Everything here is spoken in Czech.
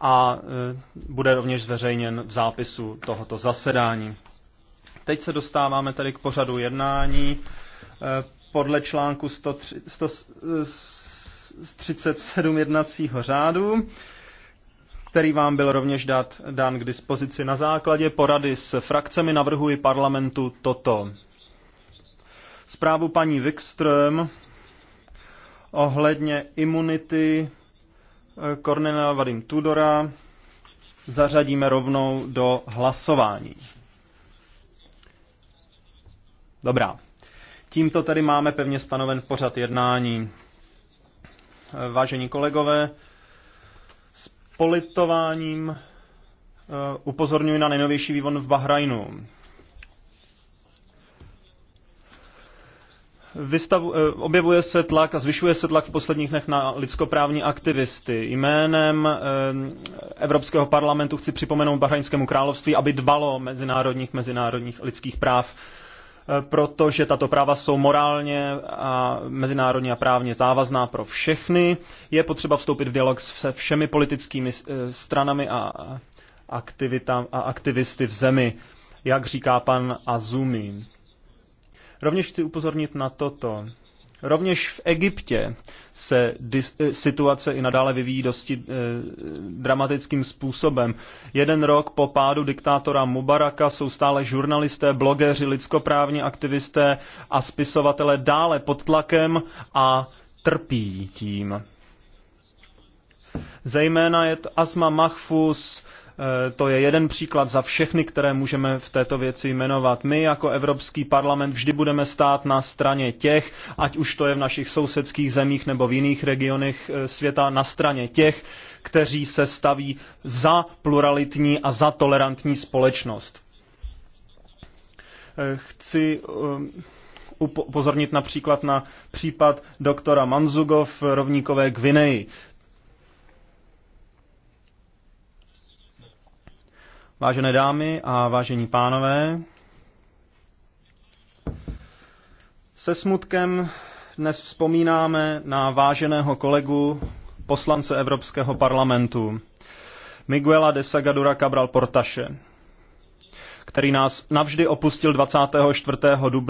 a e, bude rovněž zveřejněn v zápisu tohoto zasedání. Teď se dostáváme tedy k pořadu jednání. E, podle článku 137 e, jednacího řádu který vám byl rovněž dát dán k dispozici na základě porady s frakcemi, navrhuji parlamentu toto. Zprávu paní Wikström ohledně imunity Kornena Vadim Tudora zařadíme rovnou do hlasování. Dobrá. Tímto tedy máme pevně stanoven pořad jednání. Vážení kolegové, s politováním eh, upozorňuji na nejnovější vývon v Bahrajnu. Vystavu, eh, objevuje se tlak a zvyšuje se tlak v posledních dnech na lidskoprávní aktivisty. Jménem eh, Evropského parlamentu chci připomenout Bahrajnskému království, aby dbalo mezinárodních, mezinárodních lidských práv, eh, protože tato práva jsou morálně a mezinárodně a právně závazná pro všechny. Je potřeba vstoupit v dialog se všemi politickými stranami a, aktivita, a aktivisty v zemi, jak říká pan Azumi. Rovněž chci upozornit na toto. Rovněž v Egyptě se dis- eh, situace i nadále vyvíjí dosti e, dramatickým způsobem. Jeden rok po pádu diktátora Mubaraka jsou stále žurnalisté, blogeři, lidskoprávní aktivisté a spisovatele dále pod tlakem a trpí tím. Zejména je to Asma Mahfuz, Eh, to je jeden příklad za všechny, které můžeme v této věci jmenovat. My jako Evropský parlament vždy budeme stát na straně těch, ať už to je v našich sousedských zemích nebo v jiných regionech eh, světa, na straně těch, kteří se staví za pluralitní a za tolerantní společnost. Eh, chci ehm, upozornit například na případ doktora Manzugov v rovníkové Gvineji. Vážené dámy a vážení pánové, se smutkem dnes vzpomínáme na váženého kolegu poslance Evropského parlamentu Miguela de Sagadura Cabral Portaše, který nás navždy opustil 24. dubna